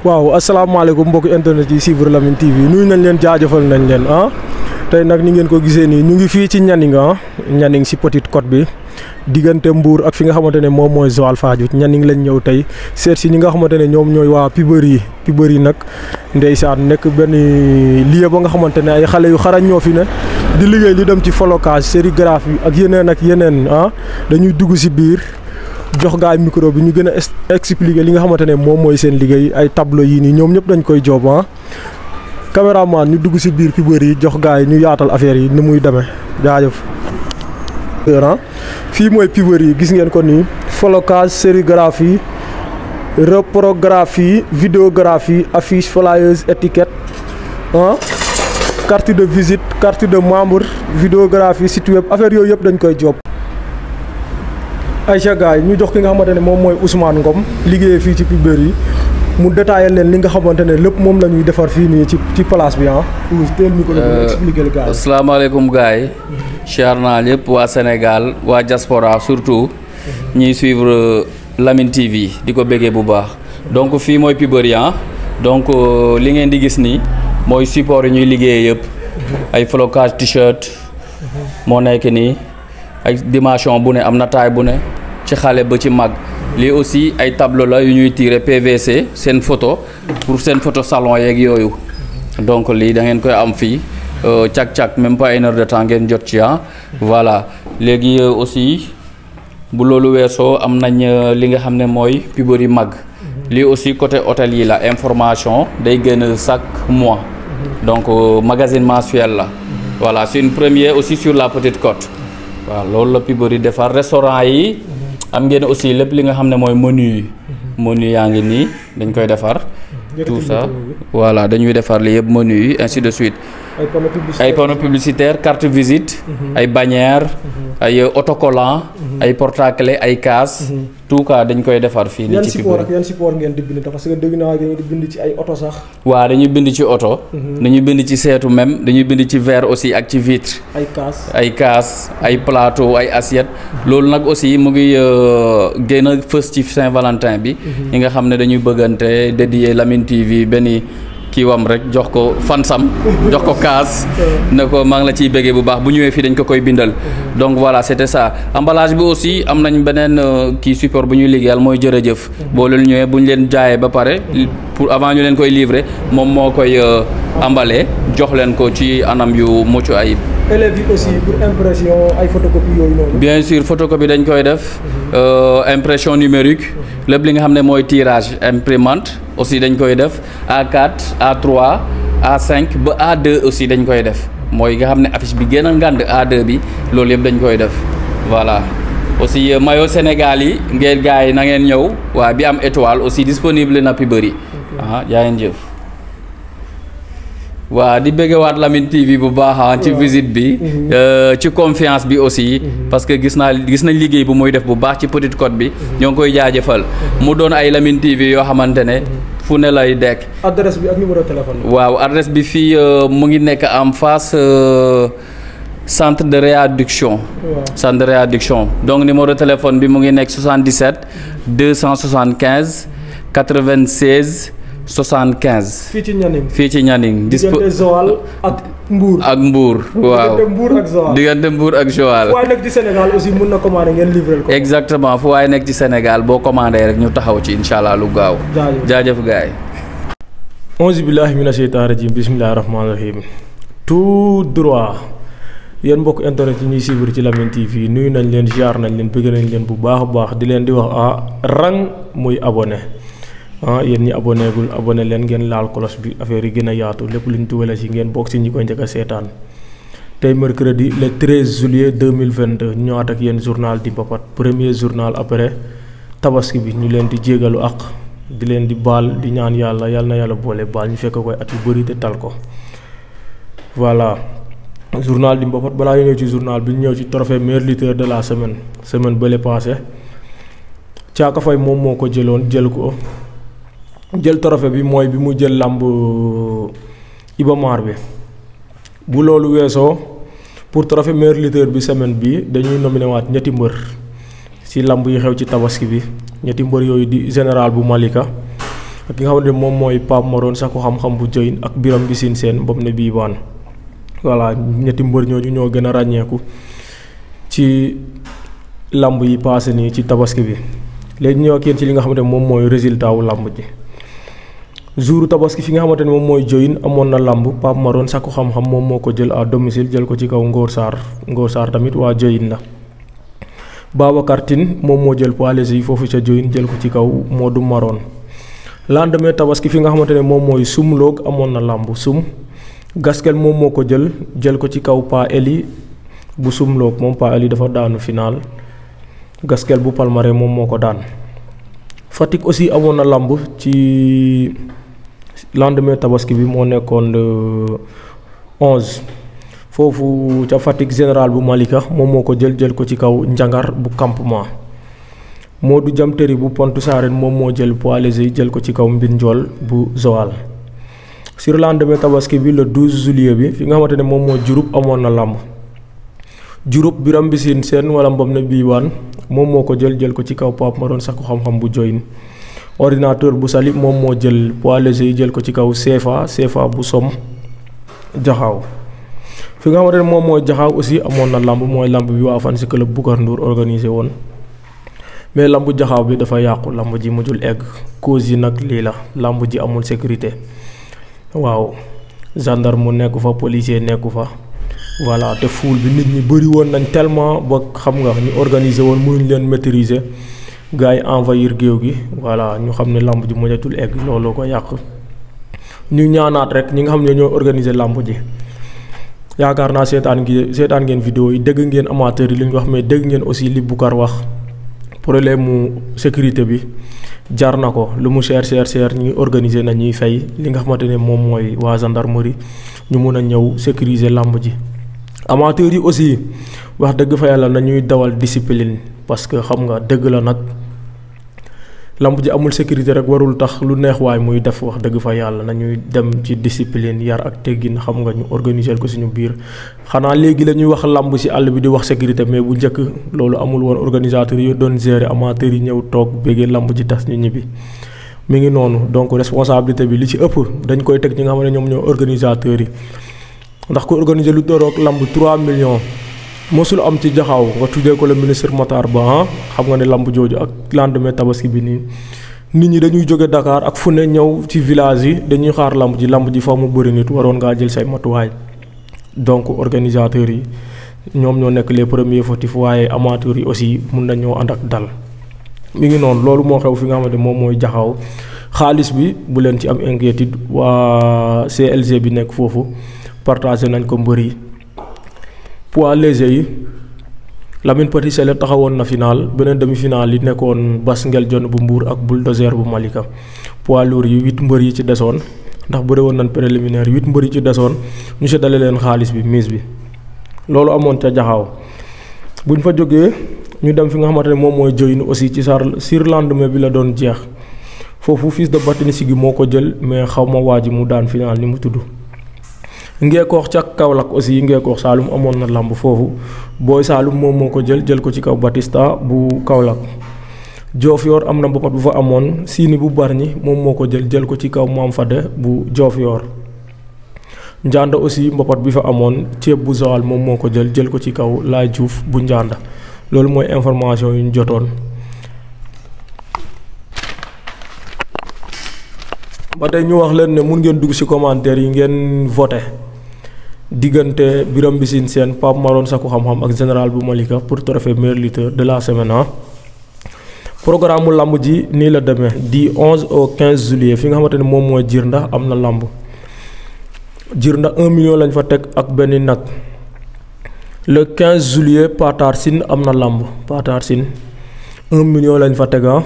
waaw assalamualaikum mbokk internet yi suivre lamine TV nuyu nañ leen jaajëfal nañ leen ah tey nag ni ngeen ko gisee nii ñu ngi fii ci Nianing ah Nianing si Petite Côte bi diggante Mbour ak fi nga xamante ne moom mooy Joal Fadiouth Nianing lañ ñëw tey seet si ñi nga xamante ne ñoom ñooy waa Pibeuri Pibeuri nag ndeysaan nekk benn lieu ba nga xamante ne ay xale yu xarañ ñoo fi ne di liggéey li dem ci flocage sérigraphie ak yeneen ak yeneen ah dañuy dugg si biir. jox gaay micro bi ñu gën a expliquer li nga xamante ne moom mooy seen liggéey ay tableau yi nii ñoom ñëpp dañ koy joob ah caméraman ñu dugg si biir pibër yi jox yi ñu yaatal affaire yi ni muy demee jaajëf ah. fii mooy pibër yi gis ngeen ko nii flocage sérigraphie reprographie vidéographie affiche flyers étiquette ah carte de visite carte de membre vidéographie site web affaire yooyu yëpp dañ koy job Aïcha Gaye ñu jox ki nga xamante ne moom mooy Ousmane Ngom liggéeyee fii ci Pibéry yi mu détaillé leen li nga xamante ne lépp moom la ñuy defar fii nii ci ci place bi ah. teel ñu ko doon euh, expliqué leen gars waa Sénégal waa jaspora surtout. ñiy suivre Lamine TV di ko béggee bu baax. donc fii mooy Pibéry yi ah. donc euh, li ngeen di gis nii mooy support yi ñuy liggéeyee yëpp. ay flocage t-shirt. moo nekk nii. ay dimension bu ne am na taay bu ne ci xalé ba ci mag li aussi ay tableau la yu ñuy tirer PVC sen photo pour sen photo salon yeeg yoyu donc li da ngeen koy am euh cag-cag même pas une heure de temps ngeen jot ci ah voilà légui euh, aussi bu loolu wesso am nañ euh, li nga xamné moy mooy pibori mag li aussi côté hôtel yi la information day génn chaque mois donc euh, magazine mensuel la voilà c'est une première aussi sur la Petite Côte waaw loolu la Pibory defar restaurant yi mhm. am ngeen aussi lépp li nga menu mhm. menu yaa ngi dañ koy defar mhm. tout ça voilà dañuy defar li menu ainsi de suite ay panneaux publicitaires carte visite ay bannière ay euh, Mhm. ay porte-clés ay cases. Mhm. tout cas dañ koy defar fii. nii ci support ak yan support di bind parce que dégg naa dañuy ci ay oto sax. waa dañuy bind ci oto. Mhm. dañuy bind ci seetu même dañuy bind ci verre aussi ak ci vitre. ay cases ay cases ay plateau ay loolu nag aussi mu ngi euh, gën a fës ci Saint-Valentin bi. ñi nga xam ne dañuy bëggante dédié Lamine TV benn. kii kiiwam rek jox ko fansam jox ko kaas ne ko maa ngi la ciy béggee bu baax bu ñëwee fii dañ ko koy bindal donc voilà c'était ça embalage bi aussi am nañ beneen euh, kii support bu ñuy liggéeyal mooy jërëjëf boo leen ñëwee bu ñu leen jaayee ba pare pour avant ñu leen koy livrer moom moo koy euh, emballé joxlen ko ci anam yu mucc ayib. élèves aussi pour impression ay photocopie yoy non bien sûr photocopie dañ koy def euh, impression numérique le li nga xamné moy tirage imprimante aussi dañ koy def A4 A3 A5 ba A2 aussi dañ koy def moy nga xamné affiche bi gënal ngand A2 bi loolu yeb dañ koy def voilà. aussi euh, Mayo Sénégal yi ngeen gars na ngeen bi am étoile aussi disponible na pi bëri. Ah, yaa ngeen waaw di bëggewaat Lamine TV bu baax ah, ci visite bi. Mhm. Euh, ci confiance bi aussi. Mhm. parce que gis naa gis nañ liggéey bi muy def bu baax ci Petite Côte bi. Mhm. ñoo ngi koy jaajafal mu doon ay Lamine TV yoo xamante ne. fu ne lay dekk. adresse bi ak numéro téléphone waaw adresse bi fii euh, mu ngi nekk en face. Euh, centre de réadduction centre de réadduction donc numéro téléphone bi mu ngi nekk cent 77 275 96 75. fii ci Nianing fii ci Nianing. diggante Joal ak Mbour. ak Mbour waaw diggante Mbour ak Joal. diggante Mbour ak Joal. aussi mun commander ngeen livrer ko. exactement fu waay nekk ci Sénégal boo commandé rek ñu taxaw ci incha lu gaaw. jaajëf jaajëf gars billahi mina rajim bismillahi rahmaani rahim tout droit. yéen mbokk internet yi suivre ci Lamyn TV nuyu nañ leen ziar nañ leen bëgg nañ leen bu baax baax di leen di wax ah rang muy abonné ah yéen ñi abonné gul abonné leen ngeen laal cloche bi affaire yi gën a yaatu lépp luñ tuwale si ngeen bokk si ñi koy njëkk a seetaan tey mercredi le 13 juillet 2022 ñu ñëwaat ak yéen journal di mbapat premier journal après tabaski bi ñu leen di jégalu ak di leen di baal di ñaan yàlla yàlla na yàlla boole baal ñu fekk koy at yu bëri te tal ko voilà. journal di mbapat balaa ñu ñëw ci journal bi ñu ñëw ci trophée meilleur lutteur de la semaine semaine bële passé Thiaka Faye moom moo ko jëloon jël ko. jël trophée bi moy bi mu jël lamb Iba Mar bi bu lolou wesso pour trophée meilleur leader bi semaine bi dañuy nominé wat ñetti mbeur si lamb yi xew ci tabaski bi ñetti mbeur yoyu di général bu Malika ak nga xamne mom moy Pape Maroon sa ko xam-xam bu jëyin ak biram bi sin sen bam ne bi baan voilà ñetti mbeur ñoo ñoo gëna a ci lamb yi passé ni ci tabaski bi léegi ñëw ak ci li nga xamne mom moy résultat wu lamb ji jouru tabaski fi nga xamante ni moom mooy joyin amoon na lamb Pape Maroon sakku xam-xam moom moo ko jël à domicile jël ko ci kaw Ngor Sarr Ngor Sarr tamit waa joyin la Babacar Tine moom moo jël poids léger yi foofu ca joyin jël ko ci kaw Modou Maroon lendemain tabaski fi nga xamante ne moom mooy sum loog amoon na lamb sum gaskel moom moo ko jël jël ko ci kaw pa eli bu sum loog moom pa eli dafa daanu final gaskel bu palmare moom moo ko daan Fatick aussi ci lendemain tabaski bi mo nekkoon le 11 foofu ca fatik general bu Malika moom moo ko jël jël ko ci kaw njangar bu campement Modou teri bu pontu Sarène moom moo jël poids jël ko ci kaw mbir njool bu zoal sur lendemain tabaski bi le 12 juillet bi fi nga xamantene ne moom moo Diouroup amoon na làmb Biram bisin sen wala Mbam ne Biiwaan moom moo ko jël jël ko ci kaw Pape Maroon Sakku xam-xam bu join. ordinateur bu Saly moom moo jël poids léger yi jël ko ci kaw CFA CFA bu som jaxaaw fi nga xamante ne moom mooy jaxaaw aussi amoon na lamb mooy lamb bi waa fan si club Boucar Ndour organisé woon mais lamb jaxaaw bi dafa yàqu lamb ji mujjul egg cause yi nag lii la lamb ji amul sécurité waaw gendarme mu nekk fa policier nekku fa voilà te foule bi nit ñi bëri woon nañ tellement ba xam nga ñu organiser woon mënuñ leen maîtriser gars yi envahir géew gi voilà ñu xam ne làmb ji mënatul egg looloo ko yàq ñu ñaanaat rek ñi nga xam ne ñoo organiser làmb ji yaakaar naa seetaan gi seetaan ngeen vidéo yi dëgg ngeen amateurs yi li ñu wax ma dégg ngeen aussi li Boucar wax problème mu sécurité bi jar na ko lu mu cher cher cher ñi organiser na ñuy fay li nga xamante ne moom mooy waa gendarmerie ñu mun a ñëw sécuriser làmb ji amateurs yi aussi wax dëgg fa yàlla na ñuy dawal discipline parce que xam nga dëgg la nag lamb ji amul sécurité rek warul tax lu neex waay muy def wax dëgg fa yàlla nañuy dem ci discipline yar ak teggin xam nga ñu organiser ko suñu biir xanaa léegi la ñuy wax lamb si àll bi di wax sécurité mais bu njëkk loolu amul woon organisateur yu doon gérer amateur yi ñëw toog bégee lamb ji tas ñu ñibbi mi ngi noonu donc responsabilité bi li ci ëpp dañ koy teg ñi nga xam ne ñoom ñoo organisateur yi ndax ko organiser lu doroog lamb 3 millions mosul am ci jaxaw nga tuddee ko le ministre motar Ba ah. xam nga ne lamb jojo ak lendemain tabaski bi ni nit ñi dañuy jóge Dakar ak fune ñew ci village yi dañuy xaar lamb ji lamb ji fa mu bëri nit waron nga jël say matuway donc organisateur yi ñom ñoo nek les premiers fautifs waye amateur yi aussi mën nañu ñoo dal mi ngi non lolu mo xew fi nga xamante mom moy jaxaw xaalis bi bu len ci am inquiétude wa CLG bi nek fofu partager nañ ko mbeuri poids léger yi Lamine Petit Sélé taxawon na final benen demi final yi nekkoon Bas jonne bu Mbour ak Bulldozer bu Malika poids lourd yi 8 mbeur yi ci desoon ndax bu woon nan préliminaire 8 mbeur yi ci desoon ñu seddale leen xaliss bi mise bi lolu amon ca jaxaw buñ fa joggé ñu dem fi nga xamantene mom moy joyine aussi ci sar surlendemain bi la doon jeex fofu fils de Batini Sigi moko jël mais xawma waji mu daan final ni mu tuddu ngeekoox ca kaolak aussi ngeekoox saalum amon na lamb fofu boy saalum mom moko ko jël jël ko ci kaw batista bu kaolak Diofior am na mbapat bu fa amon sini bu barni mom moko ko jël jël ko ci kaw fa de bu yor Njanda aussi mbopat bi fa amon tieb bu Joal mom moko ko jël jël ko ci kaw la djouf bu Njanda loolu moy information yu jotone ba tay ñu wax leen ne mun ngeen dugg ci commentaire yi ngeen voter diggante bi Mbissine seen Pape Maroon Sakku xam-xam ak général bu Malika pour trophée meilleur lutteur de la semaine ah. programme mu lamb ji nii la demee di 11 au 15 juillet fi nga xamante ne moom mooy jir ndax am na lamb jir ndax 1 million lañ fa teg ak benn nag le 15 juillet Patar am na lamb Patar Sine 1 lañ fa teg ah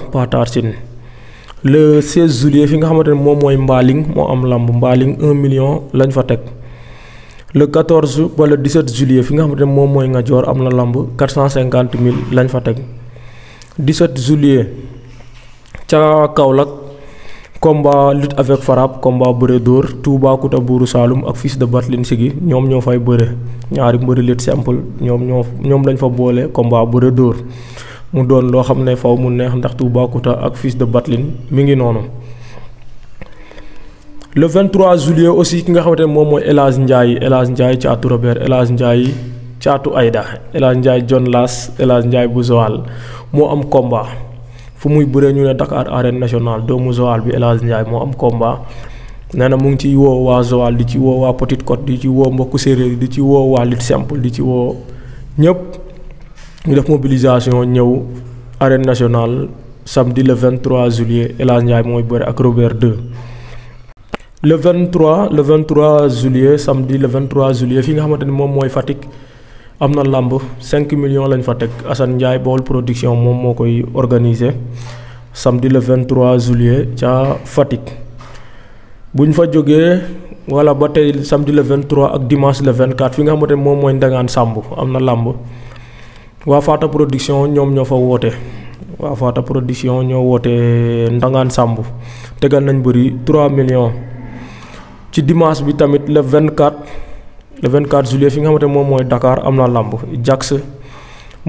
le 16 juillet fi nga xamante ne moom mooy Mbaling moo am lamb Mbaling 1 million lañ fa teg. le 14 wala 17 juillet fi nga xamantene mom moy nga jor amna lamb 450000 lañ fa tek 17 juillet ca kaolak combat lutte avec farab combat beure d'or touba kuta bourou salum ak fils de batlin sigi ñom ñoo fay beure ñaari mbeuri lit simple ñom ñoo ñom lañ fa bolé combat beure d'or mu doon lo xamne faaw mu neex ndax touba kuta ak fils de batlin mi ngi nonou le 23 juillet aussi ki nga xamante ne moom mooy El Hadj Ndiaye El Hadj Ndiaye caatu Robert El Hadj Ndiaye caatu Aïda El Hadj Ndiaye John Lass El Hadj Ndiaye bu Joal moo am combat fu muy bëree ñu ne Dakar arène nationale doomu Joal bi El Hadj moo am combat nee na mu ngi ciy woo waa Joal di ci woo waa Petite Côte di ci woo mbokku séeréer di ci woo waa lutte simple di ci woo ñëpp ñu def mobilisation ñëw arène nationale samedi le 23 juillet El Hadj Ndiaye mooy bëre ak Robert le 23 le 23 juillet samedi le 23 juillet fi nga xamanteni mom moy fatik amna lamb 5 millions lañ fa tek Assane ndjay Bol production mom mokoy organiser samedi le 23 juillet ca fatik, buñ fa joggé wala ba tay samedi le 23 ak dimanche le 24 fi nga xamanteni mom moy ndangan sambu amna lamb wa Fata production ñom ñofa woté wa Fata production ño woté ndangan sambu tegal nañ bari 3 millions ci dimanche bi tamit le 24 le 24 juillet fi nga xamante moom mooy Dakar am na làmb Jax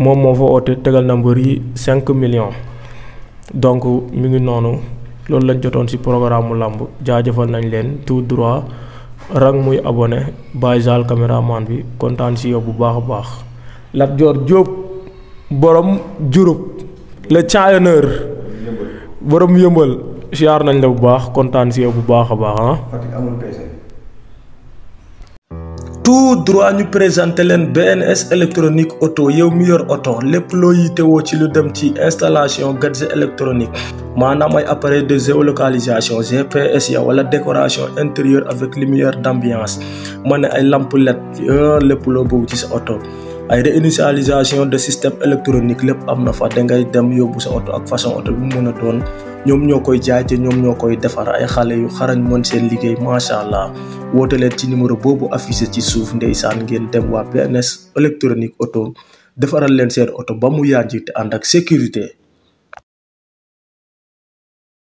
moom moo fa oote tegal na mbër yi 5 millions donc mi ngi noonu loolu lañ jotoon ci programme mu làmb jaajëfal nañ leen tout droit rang muy abonné bàyyi jaal caméraman bi kontaan ci yow bu baax a baax. Lat Dior Diop borom Diouroup le caayaneur yëmbal. Je nañ la bu baax kontaan si yow bu baax baax ah. tout droit ñu présente leen BNS électronique auto yow mi yor auto lépp loo yitewoo ci lu dem ci installation gadget électronique maanaam ay appareil de géolocalisation GPS ya la décoration intérieure avec lumière d'ambiance ma ne ay lampe LED lépp loo bëgg ci sa auto ay réinitialisation de système électronique lépp am na fa da ngay dem yóbbu sa auto ak façon auto bi mu ñoom ñoo koy jaay te ñoom ñoo koy defar ay xale yu xarañ mën seen liggéey macha allah woote leen ci numéro boobu affiché ci suuf ndeysaan ngeen dem waa PNS électronique auto defaral leen seen oto ba mu yànji te ànd ak sécurité.